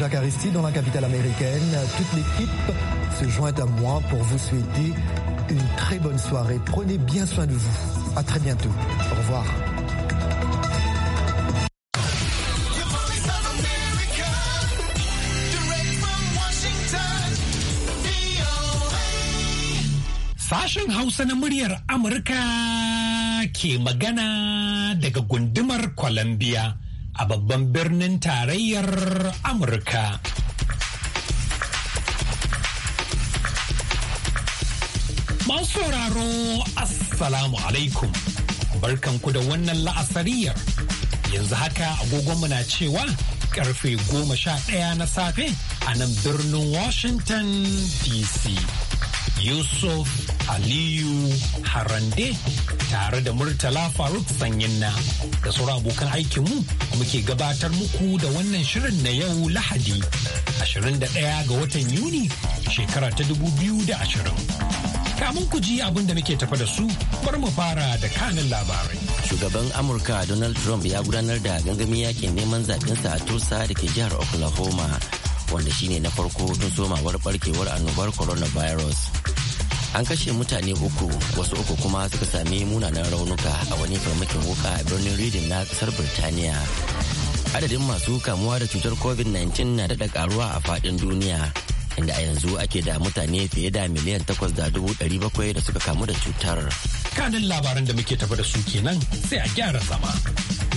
Jacques Aristide dans la capitale américaine. Toute l'équipe se joint à moi pour vous souhaiter une très bonne soirée. Prenez bien soin de vous. À très bientôt. Au revoir. Fashion na muryar magana a babban birnin tarayyar Amurka. Masu sauraro Assalamu alaikum, barkanku da wannan la'asariyar. Yanzu haka agogonmu na cewa karfe goma sha ɗaya na safe a nan birnin Washington DC. Yusuf Aliyu Harande tare da Murtala Faruk Sanyinna da sauran abokan aikinmu muke gabatar muku da wannan shirin na yau Lahadi 21 ga watan Yuni shekara ta 2020. kamun ku ji abin da muke tafa da su bar mu fara da kanin labarai. Shugaban Amurka Donald Trump ya gudanar da gangami yakin neman zaɓensa a Tulsa da ke jihar Oklahoma wanda shine na farko tun somawar barkewar annobar coronavirus. an kashe mutane uku wasu uku kuma suka sami munanan raunuka a wani farmakin wuka a birnin reading na kasar birtaniya adadin masu kamuwa da cutar covid-19 na daɗa karuwa a faɗin duniya inda a yanzu ake da mutane fiye da miliyan takwas da dubu ɗari bakwai da suka kamu da cutar. Kanin labaran da muke tafi da su kenan sai a gyara zama.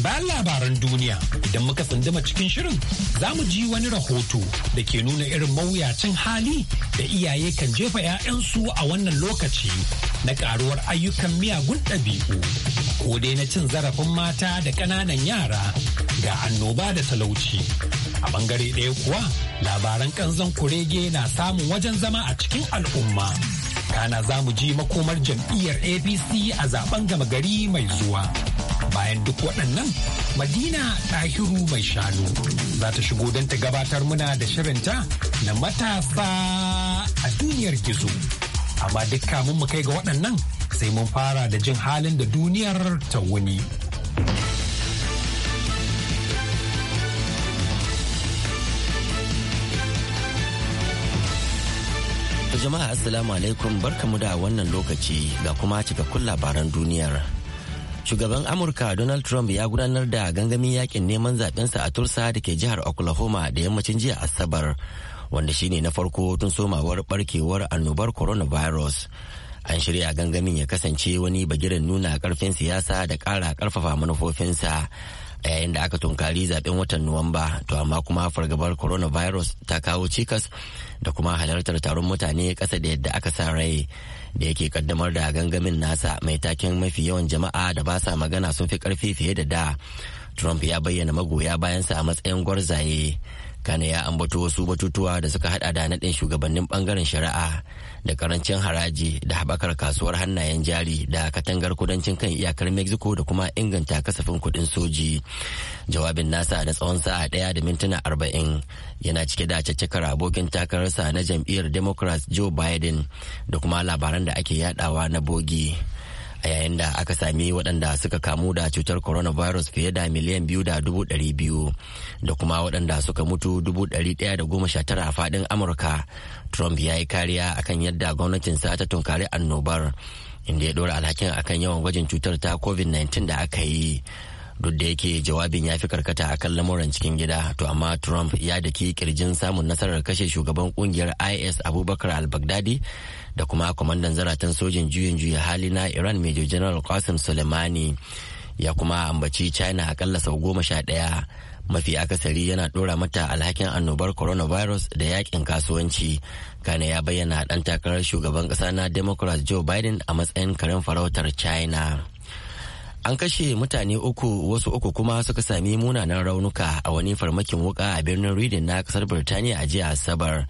Bayan labaran duniya idan muka tsunduma cikin shirin za mu ji wani rahoto da ke nuna irin mawuyacin hali da iyaye kan jefa 'ya'yansu a wannan lokaci na karuwar ayyukan miyagun ɗabi'u ko dai na cin zarafin mata da ƙananan yara ga annoba da talauci. A bangare ɗaya kuwa labaran kanzon kurege na samun wajen zama a cikin al'umma. Kana za mu ji makomar jam'iyyar APC a zaben gama gari mai zuwa. Bayan duk waɗannan, Madina Ɗahiru mai shanu za ta shigo don ta gabatar muna da shirinta na matasa a duniyar gizo. Amma duk kamun mu kai ga waɗannan sai mun fara da jin halin da duniyar ta wuni. To jama'a assalamu alaikum barkamu da wannan lokaci ga kuma cikakkun labaran duniyar. Shugaban Amurka Donald Trump ya gudanar da gangamin yakin neman zaɓensa a Tulsa da ke jihar Oklahoma da yammacin jiya Asabar wanda shine na farko tun somawar barkewar annobar coronavirus. An shirya gangamin ya kasance wani bagiren nuna karfin siyasa da ƙara ƙarfafa manufofinsa a yayin da aka tunkari zaben watan nuwamba to amma kuma fargabar coronavirus ta kawo cikas da kuma halartar taron mutane kasa da yadda aka sa rai da yake kaddamar da gangamin nasa mai taken mafi yawan jama'a da ba sa magana sun fi karfi fiye da da trump ya bayyana magoya bayansa a matsayin gwarzaye kane ya ambato wasu batutuwa da suka hada da naɗin shugabannin bangaren shari'a da karancin haraji da haɓakar kasuwar hannayen jari da katangar kudancin kan iyakar mexico da kuma inganta kasafin kuɗin soji jawabin nasa da tsawon sa'a ɗaya da mintuna arba'in yana cike da caccakar abokin takararsa na jam'iyyar democrat joe biden da kuma labaran da ake yadawa na bogi a yayin da aka sami waɗanda suka kamu da cutar coronavirus fiye da miliyan biyu da dubu ɗari biyu da kuma waɗanda suka mutu dubu ɗari ɗaya da goma sha tara a faɗin amurka trump ya yi kariya akan yadda gwamnatinsa ta tunkari annobar inda ya ɗora alhakin akan yawan gwajin cutar ta covid-19 da aka yi duk da yake jawabin ya fi karkata a kan lamuran cikin gida to amma trump ya daki kirjin samun nasarar kashe shugaban kungiyar is abubakar al-baghdadi da kuma kwamandan zaratan sojin juyin juya hali na iran major general qasim soleimani ya kuma ambaci china akalla sau goma sha ɗaya mafi akasari yana dora mata alhakin annobar coronavirus da yakin kasuwanci kane ya bayyana dan takarar shugaban ƙasa na democrat joe biden a matsayin karen farautar china an kashe mutane uku wasu uku kuma suka sami munanan raunuka a wani farmakin wuka a birnin reading na kasar birtaniya a jiya asabar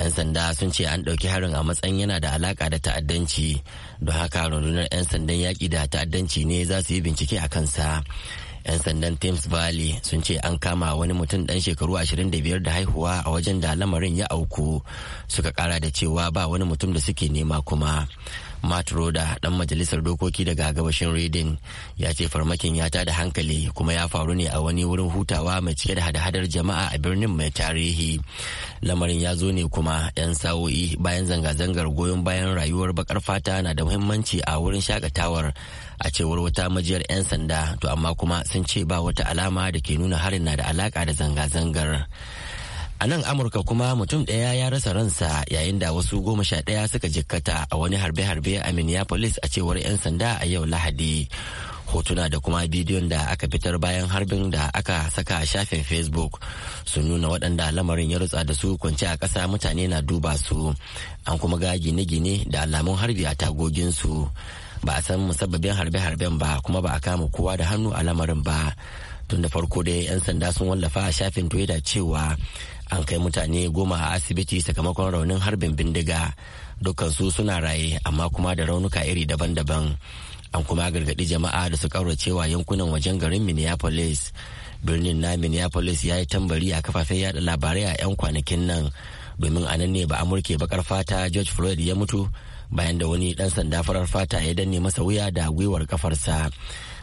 'yan sanda sun ce an ɗauki harin a matsayin yana da alaka da ta'addanci don haka rundunar 'yan sandan yaƙi da ta'addanci ne za su yi bincike a kansa 'yan sandan thames valley sun ce an kama wani mutum ɗan shekaru 25 da haihuwa a wajen da lamarin ya auku suka ƙara da cewa ba wani mutum da suke nema kuma Matt Roda dan majalisar dokoki daga gabashin Reading ya ce farmakin ya tada hankali kuma ya faru ne a wani wurin hutawa mai cike da hada-hadar jama'a a birnin mai tarihi. Lamarin ya zo ne kuma 'yan sa'o'i bayan zanga-zangar goyon bayan rayuwar bakar fata na da muhimmanci a wurin shakatawar a cewar wata majiyar 'yan sanda to amma kuma sun ce ba wata alama da ke nuna harin na da alaka da zanga-zangar. a nan amurka kuma mutum ɗaya ya rasa ransa yayin da wasu goma sha ɗaya suka jikkata a wani harbe-harbe a minneapolis a cewar 'yan sanda a yau lahadi hotuna da kuma bidiyon da aka fitar bayan harbin da aka saka a shafin facebook sun nuna waɗanda lamarin ya rutsa da su kwance a ƙasa mutane na duba su an kuma ga gine-gine da alamun harbi a tagoginsu ba a san musabbabin harbe-harben ba kuma ba a kama kowa da hannu a lamarin ba tun da farko dai 'yan sanda sun wallafa a shafin twitter cewa an kai mutane goma a asibiti sakamakon raunin harbin bindiga dukansu suna raye amma kuma da raunuka iri daban-daban an kuma gargaɗi jama'a da su kauracewa yankunan wajen garin minneapolis birnin na minneapolis ya yi tambari a kafafen yada labarai a 'yan kwanakin nan domin a nan ne ba amurke bakar fata george floyd ya mutu bayan da wani dan sanda farar fata ya danne masa wuya da gwiwar kafarsa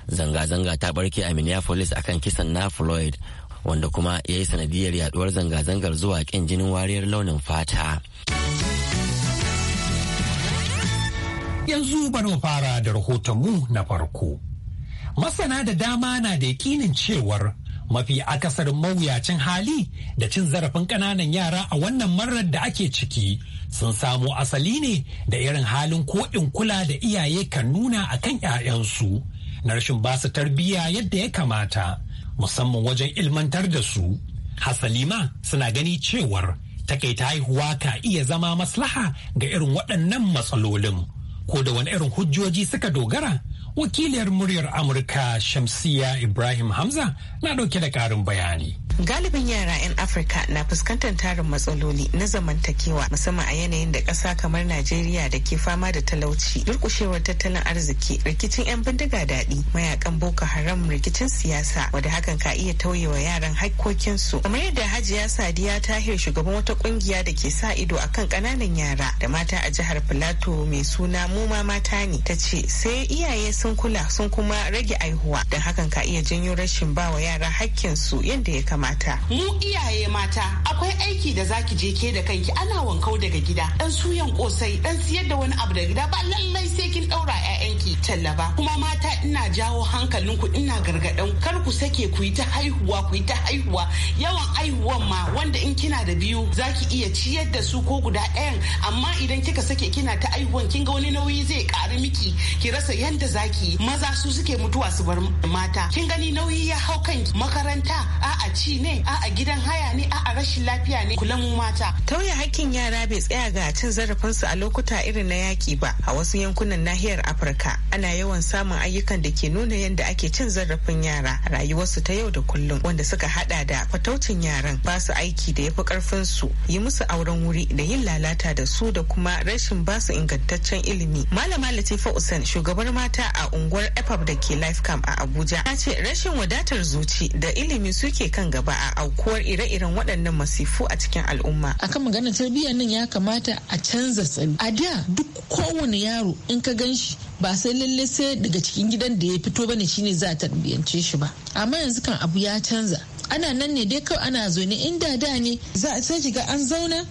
zanga-zanga ta barke a minneapolis akan kisan na floyd wanda kuma ya yi sanadiyar yaduwar zanga-zangar zuwa ƙin jinin wariyar launin fata. Yanzu bari mu fara da rahotonmu na farko. Masana da dama na da yakinin cewar mafi akasarin mawuyacin hali da cin zarafin ƙananan yara a wannan marar da ake ciki sun samo asali ne da irin halin ko'in kula da iyaye kan nuna a kan 'ya'yansu na rashin basu tarbiyya yadda ya kamata. musamman wajen ilmantar da su hasali suna gani cewar takaita haihuwa ka iya zama maslaha ga irin waɗannan matsalolin ko da wani irin hujjoji suka dogara wakiliyar muryar amurka shamsiya ibrahim hamza na ɗauke da ƙarin bayani Galibin yara 'yan Afirka na fuskantar tarin matsaloli na zamantakewa musamman a yanayin da ƙasa kamar Najeriya da ke fama da talauci, durƙushewar tattalin arziki, rikicin 'yan bindiga daɗi, mayakan Boko Haram, rikicin siyasa, wadda hakan ka iya tauye wa yaran hakkokinsu. Kamar yadda Hajiya Sadiya Tahir shugaban wata ƙungiya da ke sa ido akan ƙananan yara da mata a jihar Filato mai suna Muma Mata ne ta ce sai iyaye sun kula sun kuma rage aihuwa don hakan ka iya janyo rashin ba wa yara hakkinsu yadda ya kama. mata mu iyaye mata akwai aiki da zaki je ke da kanki ana wankau daga gida dan suyan kosai dan siyar da wani abu da gida ba lallai sai kin daura ƴaƴanki talla ba kuma mata ina jawo hankalinku ina gargaɗan kar ku sake ku yi ta haihuwa ku yi ta haihuwa yawan haihuwan ma wanda in kina da biyu zaki iya ciyar da su ko guda ɗayan amma idan kika sake kina ta haihuwan kin ga wani nauyi zai ƙari miki ki rasa yanda zaki maza su suke mutuwa su bar mata kin gani nauyi ya hau kanki makaranta a'a ci a ne a gidan haya ne a rashin lafiya ne kula mu mata tauye hakkin yara bai tsaya ga cin zarafinsu a lokuta irin na yaki ba a wasu yankunan nahiyar afirka ana yawan samun ayyukan da ke nuna yadda ake cin zarafin yara rayuwarsu ta yau da kullum wanda suka hada da fataucin yaran ba su aiki da yafi karfin su yi musu auren wuri da yin lalata da su da kuma rashin ba su ingantaccen ilimi malama latifa usain shugabar mata a unguwar epab da ke life camp a abuja ta ce rashin wadatar zuci da ilimi suke kan gaba gaba a aukuwar ire-iren waɗannan masifu a cikin al'umma. a kan maganar tarbiyyar nan ya kamata a canza tsaro. A da duk kowane yaro in ka gan shi ba sai lalle sai daga cikin gidan da ya fito bane shine za a tarbiyyance shi ba. Amma yanzu kan abu ya canza. Ana nan ne dai kawai ana zaune in da da ne za a sai ga an zauna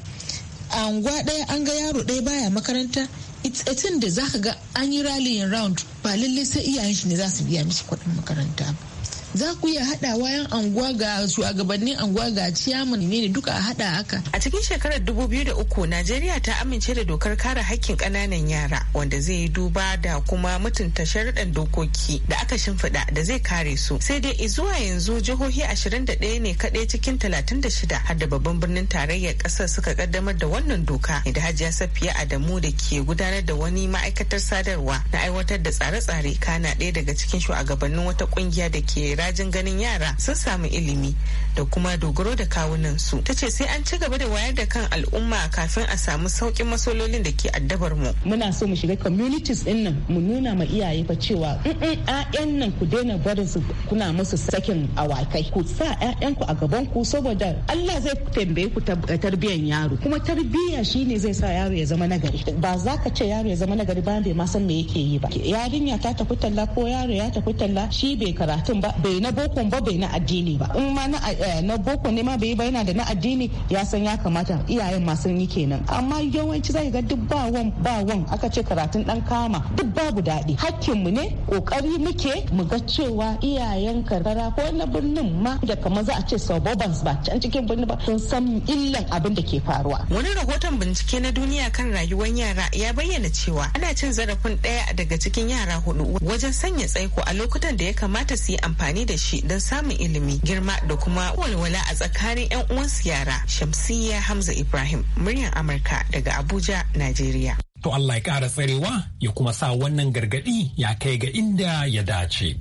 a unguwa ɗaya an ga yaro ɗaya baya makaranta it's da zaka ga an yi rallying round ba lalle sai iyayen shi ne za su biya mishi kuɗin makaranta ba. za ku iya haɗa wayan anguwa ga shugabannin anguwa ga ciyaman ne duka a haɗa haka. A cikin shekarar 2003 Najeriya ta amince da dokar kare hakkin ƙananan yara wanda zai yi duba da kuma mutunta sharuɗan dokoki da aka shimfiɗa da zai kare su. Sai dai zuwa yanzu jihohi 21 ne kaɗai cikin 36 har da babban birnin tarayyar ƙasar suka ƙaddamar da wannan doka da Hajiya Safiya Adamu da ke gudanar da wani ma'aikatar sadarwa na aiwatar da tsare-tsare kana ɗaya daga cikin shugabannin wata ƙungiya da ke rajin ganin yara sun samu ilimi da kuma dogaro da kawunan su ta ce sai an ci gaba da wayar da kan al'umma kafin a samu saukin masololin da ke addabar mu muna so mu shiga communities din nan mu nuna ma iyaye fa cewa in ƴaƴan nan ku daina barin su kuna musu sakin awakai ku sa ƴaƴan ku a gaban ku saboda Allah zai tambaye ku tarbiyyar yaro kuma tarbiyya shine zai sa yaro ya zama nagari ba za ka ce yaro ya zama nagari ba bai ma san me yake yi ba yarinya ta tafi talla ko yaro ya tafi talla shi bai karatun ba bai na boko ba bai na addini ba in ma na eh, boko ne ma bai ba yana da na addini ya san ya kamata iyayen ma sun yi kenan amma yawanci zai ga duk ba wan ba wan aka ce karatun dan kama duk babu daɗi mu ne kokari muke mu ga cewa iyayen karara ko na birnin ma da kamar za a ce suburbans ba can cikin birni ba sun san illan abin da ke faruwa wani rahoton bincike na duniya kan rayuwar yara ya bayyana cewa ana cin zarafin daya daga cikin yara hudu wajen sanya tsaiko a lokutan da ya kamata su yi amfani amfani da shi don samun ilimi girma da kuma walwala a tsakanin 'yan uwansu yara shamsiyya hamza ibrahim muryar amurka daga abuja najeriya to allah ya ƙara tsarewa ya kuma sa wannan gargaɗi ya kai ga inda ya dace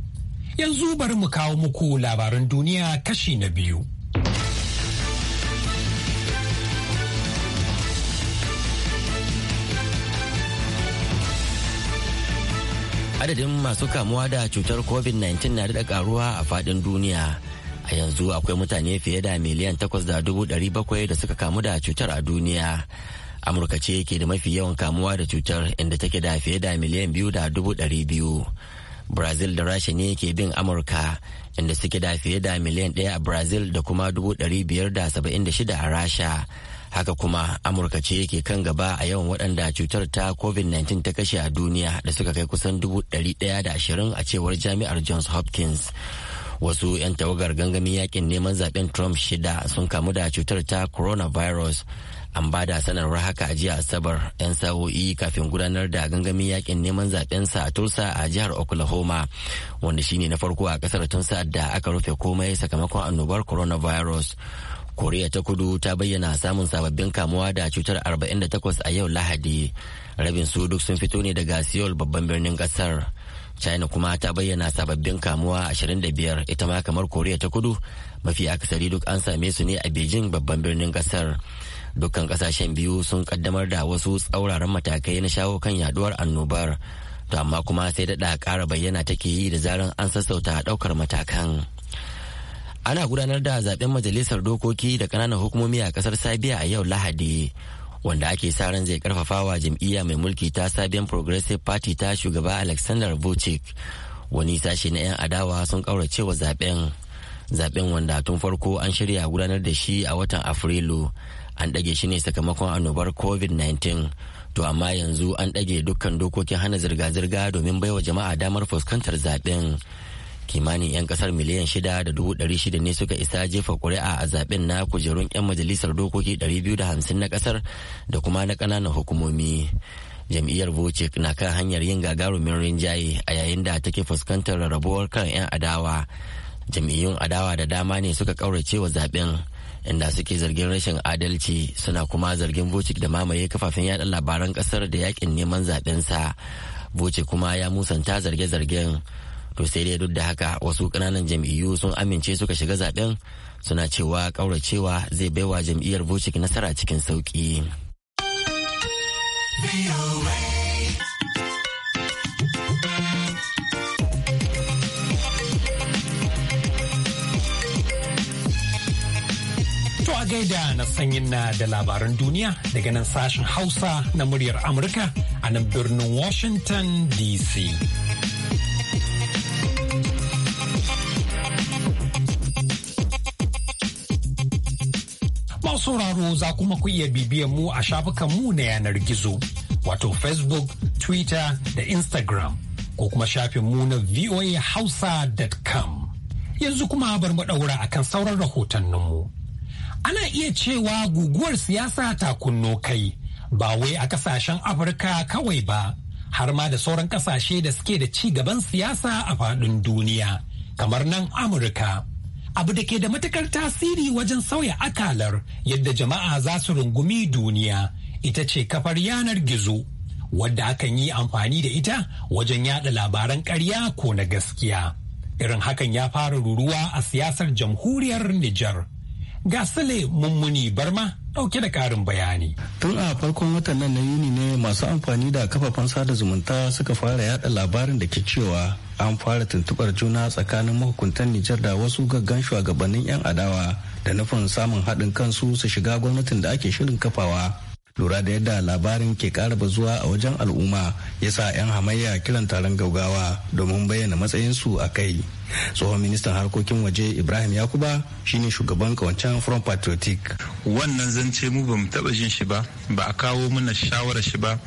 yanzu bari mu kawo muku labaran duniya kashi na biyu adadin masu kamuwa da cutar covid-19 na daɗa karuwa a faɗin duniya a yanzu akwai mutane fiye da miliyan 8,700 da suka kamu da cutar a duniya amurka ce ke da mafi yawan kamuwa da cutar inda take da fiye da miliyan 2,200 brazil da rasha ne ke bin amurka inda suke da fiye da miliyan 1 a brazil da kuma 576 a rasha haka kuma amurka ce yake kan gaba a yawan waɗanda cutar ta covid-19 ta kashe a duniya da suka kai kusan 120 a cewar jami'ar johns hopkins wasu 'yan tawagar gangamin yakin neman zaben trump shida sun kamu da cutar ta coronavirus an ba da sanarwar haka a jiya asabar 'yan sa'o'i kafin gudanar da gangamin yakin neman sa a tulsa a jihar oklahoma wanda shine na farko a kasar tun sa'ad da aka rufe komai sakamakon annobar coronavirus koriya ta kudu ta bayyana samun sababbin kamuwa da cutar 48 a yau lahadi rabin su duk sun fito ne daga seoul babban birnin kasar china kuma ta bayyana sababbin kamuwa 25 ita ma kamar koriya ta kudu mafi akasari duk an same su ne a beijing babban birnin kasar dukkan kasashen biyu sun kaddamar da wasu tsauraran matakai na shawo kan yaduwar annobar to amma kuma sai daɗa ƙara bayyana take yi da zaran an sassauta ɗaukar matakan. ana gudanar da zaben majalisar dokoki da ƙananan hukumomi a ƙasar sabiya a yau lahadi wanda ake sa ran zai karfafa wa jam'iyya mai mulki ta sabiyan progressive party ta shugaba alexander vucic wani sashe na 'yan adawa sun ƙaurace wa zaben zaben wanda tun farko an shirya gudanar da shi a watan afrilu an ɗage shi ne sakamakon annobar covid-19 to amma yanzu an ɗage dukkan dokokin hana zirga-zirga domin baiwa jama'a damar fuskantar zaben kimanin 'yan kasar miliyan shida da dubu ɗari shida ne suka isa jefa kuri'a a zaɓen na kujerun 'yan majalisar dokoki ɗari biyu da hamsin na kasar da kuma na ƙananan hukumomi jam'iyyar vocek na kan hanyar yin gagarumin rinjaye a yayin da take fuskantar rarrabuwar kan 'yan adawa jam'iyyun adawa da dama ne suka ƙaurace wa zaben inda suke zargin rashin adalci suna kuma zargin vocek da mamaye kafafen yada labaran kasar da yakin neman zaben sa voce kuma ya musanta zarge-zargen to sai dai duk da haka wasu ƙananan jam'iyyu sun amince suka shiga zaben suna cewa ƙauracewa zai baiwa jam'iyyar bucik nasara cikin sauƙi. gaida na sanyin na da labaran duniya daga nan sashen Hausa na muryar Amurka a nan birnin Washington DC. sauraro za kuma ku iya bibiya mu a shafukan mu na yanar gizo, wato Facebook, Twitter da Instagram, ko kuma shafin mu na voahausa.com. Yanzu kuma bar mu ɗaura kan sauran rahotanninmu. Ana iya cewa guguwar siyasa ta kunno kai, ba wai a ƙasashen Afirka kawai ba, har ma da sauran ƙasashe da suke da ci gaban siyasa a faɗin duniya, kamar nan Amurka. abu da ke da matukar tasiri wajen sauya akalar yadda jama'a za su rungumi duniya ita ce kafar yanar gizo wadda akan yi amfani da ita wajen yada labaran karya ko na gaskiya irin hakan ya fara ruruwa a siyasar jamhuriyar Nijar. ga sule mummuni barma dauke da karin bayani. Tun a farkon watan nan na Yuni ne masu amfani da kafafen sada zumunta suka fara yada labarin da ke cewa an fara tuntubar juna tsakanin mahukuntan Nijar da wasu gaggan shugabannin 'yan adawa da nufin samun haɗin kansu su shiga gwamnatin da ake shirin kafawa. lura da yadda labarin ke kara bazuwa a wajen al'umma ya sa 'yan hamayya kiran taron gaugawa domin bayyana matsayinsu a kai tsohon ministan harkokin waje ibrahim yakuba shine shugaban kawancen front patriotic wannan zance mu ba mu taba jin shi ba ba a kawo mana shawara shi ba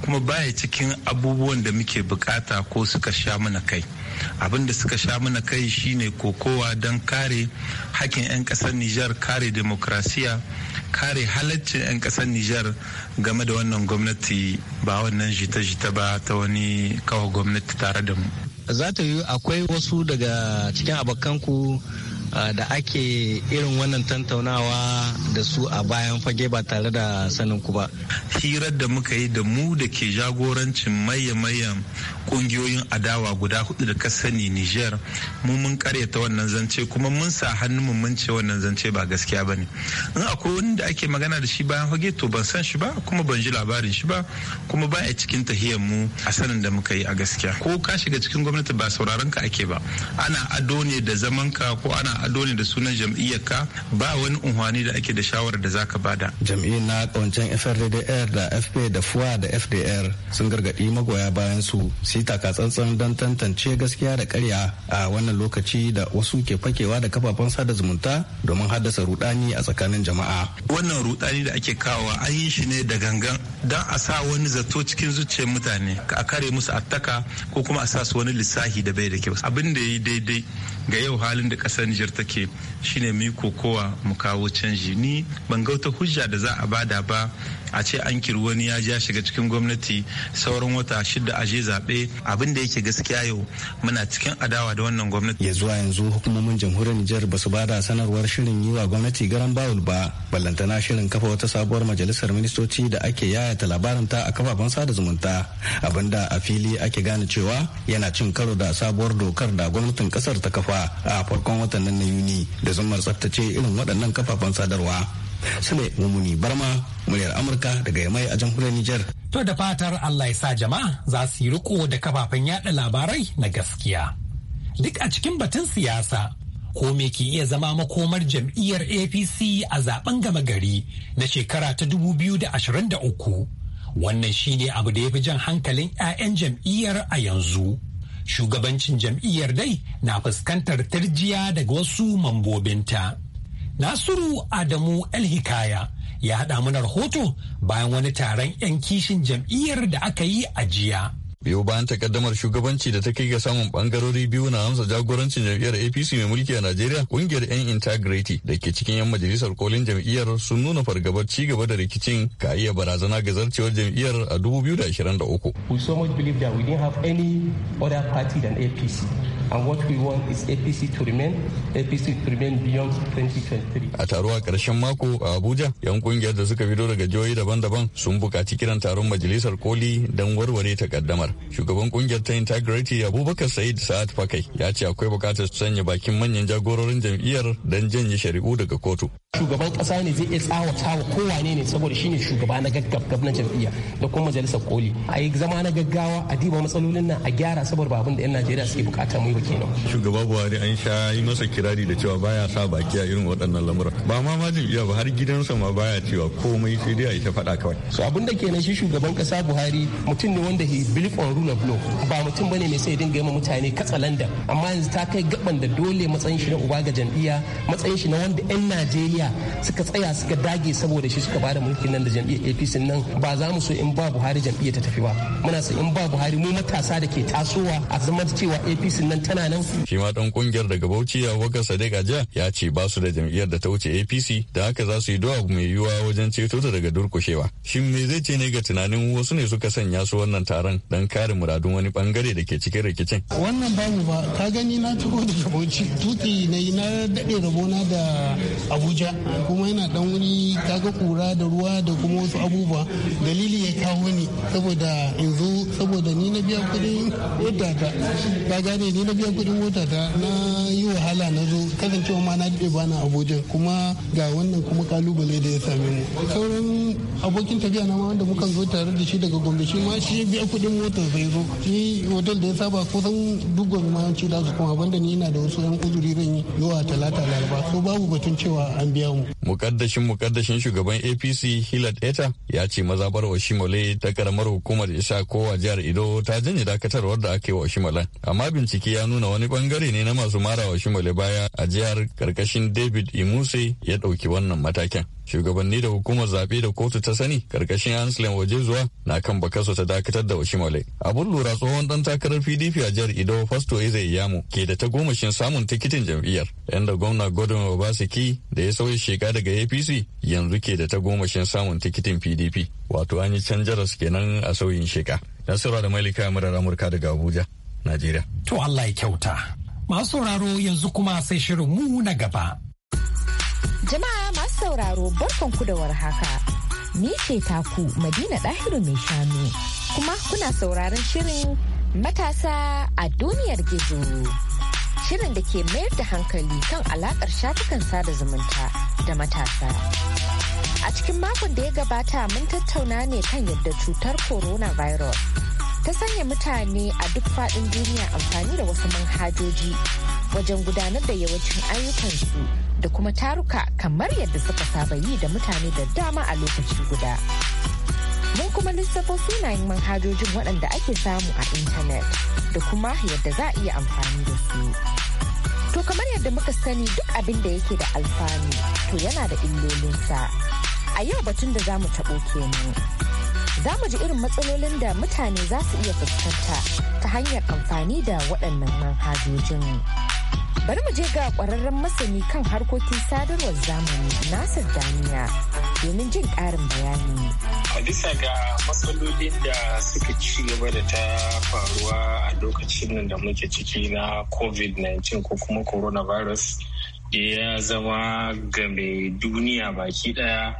kuma baya cikin abubuwan da muke bukata ko suka sha mana kai abin da suka sha mana kai shine kokowa don kare hakkin 'yan kasar nijar kare demokrasiya kare halaccin 'yan kasar Nijar game da wannan gwamnati ba wannan jita-jita ba ta wani kawo gwamnati tare da mu. Za ta yi akwai wasu daga cikin abokanku da ake irin wannan tantaunawa da su a bayan fage ba tare da saninku ba. Hirar da muka yi da mu da ke jagorancin maye-mayen kungiyoyin adawa guda hudu da ka sani Niger mu mun karyata wannan zance kuma mun sa hannun mun ce wannan zance ba gaskiya bane in akwai wani da ake magana da shi bayan hage to ban san shi ba kuma ban ji labarin shi ba kuma ba a cikin tahiyar mu a sanin da muka yi a gaskiya ko ka shiga cikin gwamnati ba sauraron ka ake ba ana ado ne da zaman ka ko ana ado ne da sunan jam'iyyar ka ba wani unhwani da ake da shawarar da zaka bada jam'iyyar na kawancen FRDDR da FP da FUA da FDR sun gargadi magoya bayan su su yi takatsantsan don tantance gaskiya da karya a wannan lokaci da wasu ke fakewa da kafafen sada zumunta domin haddasa rudani a tsakanin jama'a wannan rudani da ake kawo an yi shi ne da gangan don a sa wani zato cikin zuciyar mutane a kare musu attaka ko kuma a sa su wani lissahi da bai da kyau abin da ya yi daidai ga yau halin da kasar Nijar take shine mu kokowa mu kawo canji ni ban ga wata hujja da za a bada ba a ce an kiri wani ya ja shiga cikin gwamnati sauran wata shida a je zaɓe abin da yake gaskiya yau muna cikin adawa da wannan gwamnati. ya zuwa yanzu hukumomin jamhuriyar nijar ba su bada sanarwar shirin yi wa gwamnati garan bawul ba ballantana shirin kafa wata sabuwar majalisar ministoci da ake yayata ta a kafafen sada zumunta abinda a fili ake gane cewa yana cin karo da sabuwar dokar da gwamnatin kasar ta kafa a farkon watan nan na yuni da zumar tsaftace irin waɗannan kafafen sadarwa Sule Mumuni Barma muryar Amurka daga Yamai a jamhuriyar Nijar. To da fatar Allah ya sa jama'a za su yi riko da kafafen yada labarai na gaskiya. Duk a cikin batun siyasa ko me ke iya zama makomar jam'iyyar APC a zaben gama gari na shekara ta dubu biyu da da ashirin uku, Wannan shine abu da ya fi jan hankalin 'ya'yan jam'iyyar a yanzu. Shugabancin jam'iyyar dai na fuskantar tarjiya daga wasu mambobinta. Nasiru Adamu Alhikaya ya haɗa mana rahoto bayan wani taron 'yan kishin jam'iyyar da aka yi a jiya. biyo bayan takaddamar shugabanci da ta kai ga samun bangarori biyu na amsa jagorancin jam'iyyar apc mai mulki a najeriya kungiyar yan integrity da ke cikin yan majalisar kolin jam'iyyar sun nuna fargabar ci gaba da rikicin ka iya barazana ga zarcewar jam'iyyar a 2023 we so much believe that we didn't have any other party than apc and what we want is APC to remain APC to remain beyond 2023. A taro a karshen mako a Abuja, 'yan kungiyar da suka fito daga jihohi daban-daban sun buƙaci kiran taron majalisar koli don warware takaddamar. shugaban kungiyar ta integrity abubakar sa'id sa'ad fakai ya ce akwai bukatar sanya bakin manyan jagororin jam'iyyar don janye shari'u daga kotu shugaban kasa ne zai iya tsawata wa kowane ne saboda shi ne shugaba na gaggab na jam'iyya da kuma majalisar koli a yi zama na gaggawa a diba matsalolin nan a gyara saboda babun da yan najeriya suke bukata mu yi kenan shugaba buhari an sha yi masa kirari da cewa baya sa baki a irin waɗannan lamura ba ma ma jam'iyya ba har gidansa ma baya cewa komai sai dai a ita faɗa kawai so abin da kenan shi shugaban kasa buhari mutum ne wanda he believe on rule of law ba mutum bane mai sai dinga yama mutane katsalandan amma yanzu ta kai gaban da dole matsayin shi na uba ga jam'iyya matsayin shi na wanda 'yan Najeriya suka tsaya suka dage saboda shi suka bada mulkin nan da jam'iyyar APC nan ba za mu so in ba Buhari jam'iyyar ta tafi ba muna so in ba Buhari mu matasa da ke tasowa a zama cewa APC nan tana nan shi ma dan kungiyar daga Bauchi ya waka Sadiq ajiya ya ce ba su da jam'iyyar da ta wuce APC da haka za su yi do'a mai yiwuwa wajen ceto ta daga durkushewa shin me zai ce ne ga tunanin wasu ne suka sanya su wannan taron dan kare muradun wani bangare da ke cikin rikicin. Wannan babu ba, ka gani na taho daga Bauchi, tuki na yi na daɗe rabona da Abuja, kuma yana ɗan wuri kaga kura da ruwa da kuma wasu abubuwa. Dalili ya kawo ni saboda in zo saboda ni na biya kuɗin wata ta. Ka gane ni na biya kuɗin wata ta na yi wahala na zo kasancewa ma na daɗe bana Abuja kuma ga wannan kuma kalubale da ya same mu. Sauran abokin tafiya na ma wanda mukan zo tare da shi daga Gombe shi ma shi biya kuɗin mota ta zai zo ni hotel da ya saba kusan duk gwamnati da su kuma banda ni yana da wasu yan uzuri zan yi zuwa talata laraba so babu batun cewa an biya mu. mukaddashin mukaddashin shugaban apc hilad eta ya ce mazabar oshimole ta karamar hukumar isa kowa jihar ido ta janye dakatarwar da aka yi wa oshimole amma bincike ya nuna wani bangare ne na masu mara wa oshimole baya a jihar karkashin david imuse ya ɗauki wannan matakin. shugabanni da hukumar zaɓe da kotu ta sani karkashin hanslin waje zuwa na kan bakasu ta dakatar da malai abun lura tsohon dan takarar pdp a jihar ido fasto eze yamu ke da ta gomashin samun tikitin jam'iyyar yadda gwamna gordon obasiki da ya sauya sheka daga apc yanzu ke da ta gomashin samun tikitin pdp wato an yi jaras kenan a sauyin sheka nasura da malika murar amurka daga abuja najeriya to allah ya kyauta masu sauraro yanzu kuma sai shirin mu na gaba Jama'a masu sauraro ku da warhaka. Ni ce taku Madina Dahiru mai shanu kuma kuna sauraron shirin matasa a duniyar gizo. Shirin da ke mayar da hankali kan alaƙar shafukan sada zumunta da matasa. A cikin makon da ya gabata mun tattauna ne kan yadda cutar corona virus ta sanya mutane a duk faɗin duniya amfani da wasu manhajoji wajen gudanar da yawancin ayyukansu. da kuma taruka kamar yadda suka saba yi da mutane da dama a lokaci guda. Mun kuma lissafo sunayen manhajojin waɗanda ake samu a intanet da kuma yadda za a iya amfani da su. To kamar yadda muka sani duk abin da yake da alfanu to yana da illolinsa. A yau batun da za mu taɓo kenan. Za mu ji irin matsalolin da mutane za su iya fuskanta ta hanyar amfani da waɗannan manhajojin. Bari mu je ga ƙwararren masani kan harkokin sadarwar zamani Nasir Daniya domin jin ƙarin bayani. A bisa ga matsalolin da suka ci gaba da ta faruwa a lokacin da muke ciki na COVID-19 ko kuma coronavirus da ya zama game duniya baki ɗaya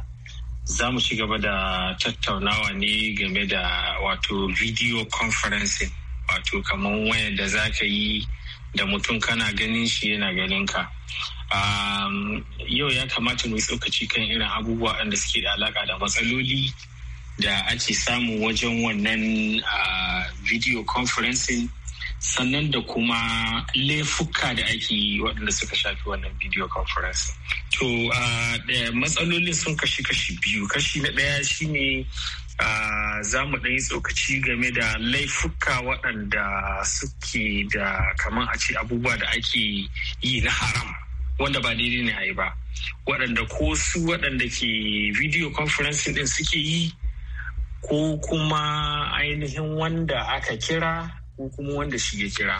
za mu ci gaba da tattaunawa ne game da wato video conferencing wato kamar wayan da za ka yi da mutum kana ganin shi yana ganin ka um, yau ya kamata mu tsokaci kan irin abubuwa da suke da alaka da matsaloli da ake samu wajen wannan video conferencing sannan da kuma laifuka da ake yi waɗanda suka shafi wannan video conference. To matsalolin sun kashi kashi biyu kashi na ɗaya shine za mu ɗan yi tsokaci game da laifuka waɗanda suke da kamar a ce abubuwa da ake yi na haram wanda ba daidai ne a yi ba waɗanda ko su waɗanda ke video conferencing ɗin suke yi ko kuma ainihin wanda aka kira ko kuma wanda shi ya kira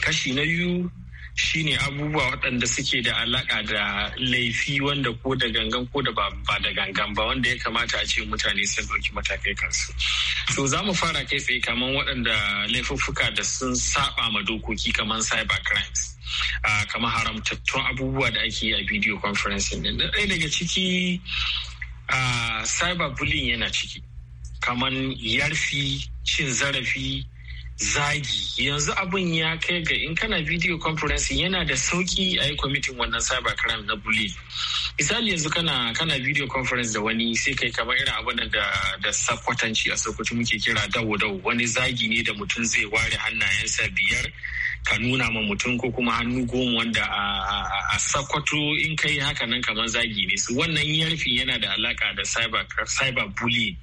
kashi na biyu shine abubuwa waɗanda suke da alaƙa da laifi wanda ko da gangan ko da ba da gangan ba wanda ya kamata a ce mutane sun ɗauki matakai kansu. So za mu fara kai tsaye kamar waɗanda laifuffuka da sun saba ma dokoki kamar cyber crimes. Uh, kamar haramtattun abubuwa da ake yi a video conferencing din. Ɗaya daga ciki uh, cyber bullying yana ciki. Kamar yarfi, cin zarafi, zagi yanzu abin ya kai ga in kana video conference yana da sauki a yi kwamitin wannan cyber crime na buli misali yanzu kana kana video conference da wani sai kai kamar irin abin da da sakwatanci a sokoto muke kira dawo dawo wani zagi ne da mutum zai ware hannayensa biyar ka nuna ma mutum ko kuma hannu goma wanda a sakwato in ka yi haka nan kamar zagi ne su wannan yarfin yana da alaka da cyber bullying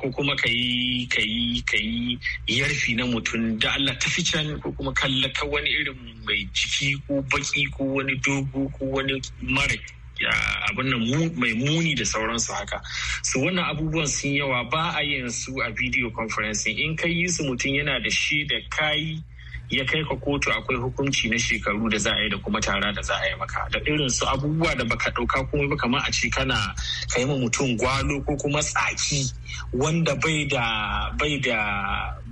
ko kuma ka yi ka yi ka yi yarfi na mutum da Allah ta fi can ko kuma kalla ka wani irin mai jiki ko baki ko wani dogo ko wani mara abin nan mai muni da sauransu haka su wannan abubuwan sun yawa ba a yin su a video conferencing in ka yi su mutum yana da shi da kayi ya kai ka kotu akwai hukunci na shekaru da za a yi da kuma tara da za a yi maka da irin su abubuwa da baka dauka kuma ba kamar a ce kana kai ma mutum gwalo ko kuma tsaki wanda bai da bai da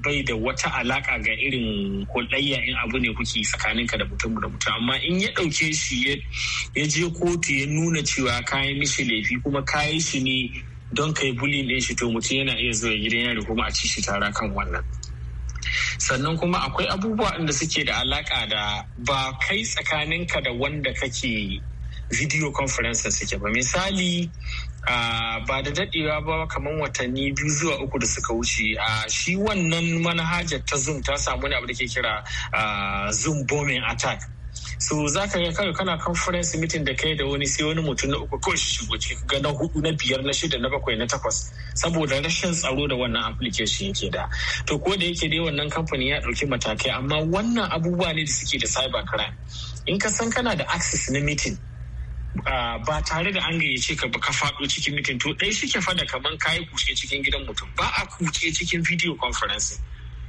bai da wata alaka ga irin hulɗayya in abu ne kuke tsakaninka da mutum da mutum amma in ya ɗauke shi ya je kotu ya nuna cewa ka yi mishi laifi kuma ka yi shi ne don kai bullying ɗin shi to mutum yana iya zuwa gidan yari kuma a ci shi tara kan wannan sannan kuma akwai abubuwa inda suke da alaka da ba kai tsakaninka da wanda kake video conference suke ba misali ba da dadewa ba kamar watanni biyu zuwa uku da suka wuce a shi wannan manhajar ta zoom ta samu ne abu da ke kira zoom bombing attack so za ka ga kawai kana conference meeting da kai da wani sai wani mutum na uku kawai shigo ciki ga na hudu na biyar na shida na bakwai na takwas saboda rashin tsaro da wannan application yake da to ko da yake dai wannan kamfani ya dauki matakai amma wannan abubuwa ne da suke da cyber crime in ka san kana da access na meeting ba tare da an gayyace ka ba ka faɗo cikin mitin to ɗaya shi ke fada kaman kayi kuce cikin gidan mutum ba a kuce cikin video conferencing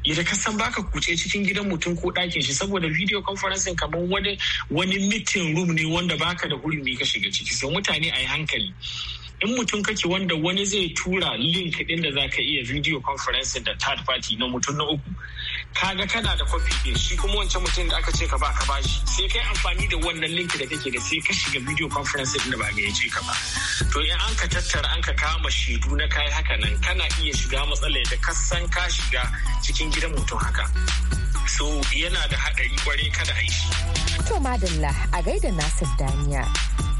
yadda ka san baka kuce cikin gidan mutum ko ɗakin shi saboda video conferencing kamar wani wani meeting room ne wanda baka da hurumi ka shiga ciki so mutane a yi hankali in mutum kake wanda wani zai tura link din da zaka iya video conference da third party na mutum na uku kaga kana da kwafi ke shi kuma wancan mutum da aka ce ka ba ka ba shi sai kai amfani da wannan link da kake da sai ka shiga video conference din da ba ce ka ba to in an ka tattara an ka kama shaidu na kai haka nan kana iya shiga matsala da ka san ka shiga cikin gidan mutum haka so yana da haɗari kwarai kada a yi shi to madalla a gaida nasir daniya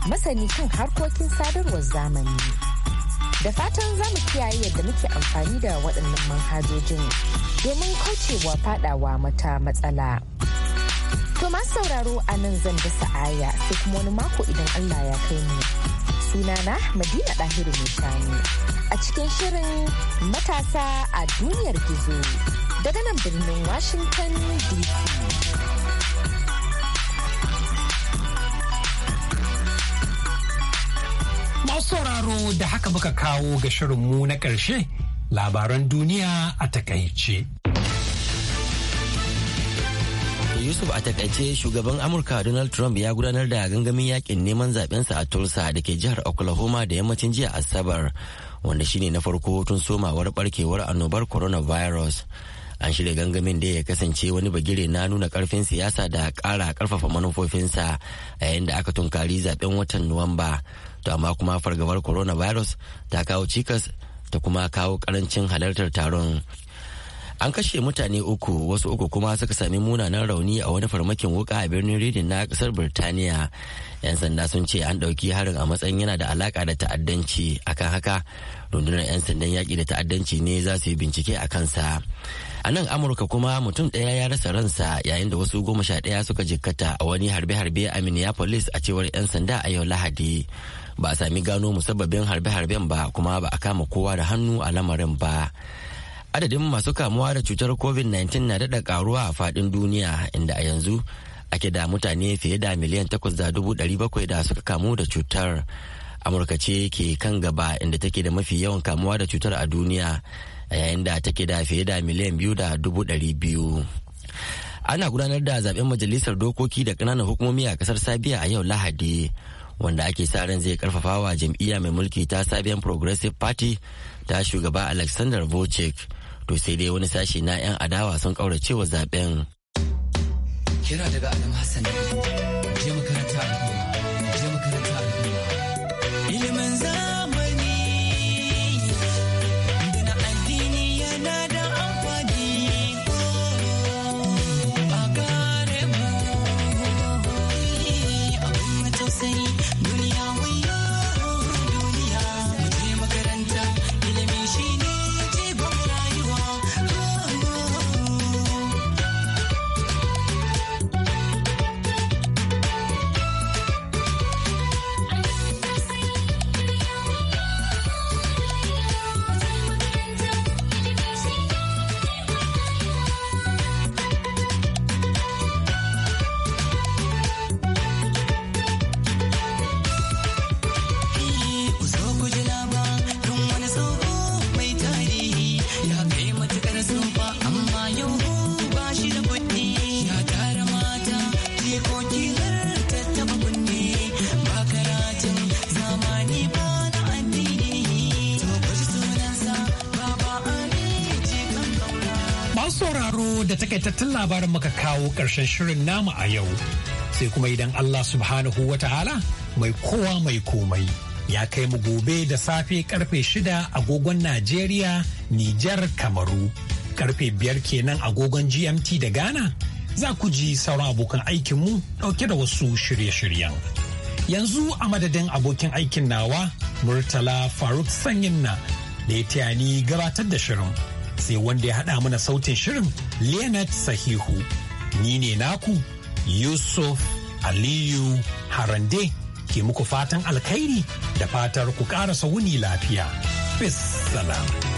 masani kan harkokin sadarwar zamani. Da fatan za mu kiyaye yadda muke amfani da waɗannan manhajojin domin kaucewa faɗawa mata matsala. To masu sauraro a nan zan da sa'aya sai kuma wani mako idan Allah ya kai mu. Sunana Madina Ɗahiru Mutane a cikin shirin matasa a duniyar gizo daga nan birnin Washington DC. Masu sauraro da haka muka kawo ga shirinmu na ƙarshe labaran duniya a takaice. Yusuf a takaice shugaban Amurka Donald Trump ya gudanar da gangamin yakin neman zaɓensa a Tulsa da ke jihar Oklahoma da yammacin jiya Asabar wanda shine na farko tun somawar barkewar annobar coronavirus. An shirya gangamin da ya kasance wani bagire na nuna karfin siyasa da ƙara ƙarfafa manufofinsa a yayin da aka tunkari zaɓen watan Nuwamba. to amma kuma fargabar coronavirus ta kawo cikas ta kuma kawo karancin halartar taron an kashe mutane uku wasu uku kuma suka sami munanan rauni a wani farmakin wuka a birnin reading na kasar birtaniya yan sanda sun ce an ɗauki harin a matsayin yana da alaka da ta'addanci akan haka rundunar yan sandan yaƙi da ta'addanci ne za su yi bincike a kansa a nan amurka kuma mutum ɗaya ya rasa ransa yayin da wasu goma sha ɗaya suka jikkata a wani harbe-harbe a minneapolis a cewar 'yan sanda a yau lahadi ba a sami gano musabbabin harbe-harben ba kuma ba a kama kowa da hannu a lamarin ba adadin masu kamuwa da cutar covid-19 na daɗa karuwa a faɗin duniya inda a yanzu ake da mutane fiye da miliyan takwas ɗari 8,700 da suka kamu da cutar amurka ce ke kan gaba inda take da mafi yawan kamuwa da cutar a duniya a yayin da take da fiye da miliyan biyu da dubu ɗari biyu ana gudanar da zaben majalisar dokoki da ƙananan hukumomi a ƙasar sabiya a yau lahadi wanda ake sa ran zai karfafa wa jam'iyya mai mulki ta sabiyan progressive party ta shugaba alexander vucic to sai dai wani sashi na 'yan adawa sun ƙaurace wa zaben kira daga adam hassan Masu sauraro da takaitattun labarin muka kawo ƙarshen shirin namu a yau. Sai kuma idan Allah subhanahu wa ta'ala mai kowa mai komai. Ya kai mu gobe da safe karfe shida agogon Najeriya, Nijar, Kamaru. Karfe biyar kenan agogon GMT da Ghana. Za ku ji sauran abokan aikinmu ɗauke da wasu shirye-shiryen. Yanzu a madadin abokin aikin nawa, Murtala Faruk Sanyin na da ya ni gabatar da shirin. sai wanda ya haɗa mana sautin shirin Leonard Sahihu. Ni ne naku Yusuf Aliyu Harande ke muku fatan alkhairi da fatar ku ƙarasa wuni lafiya. Bis salam.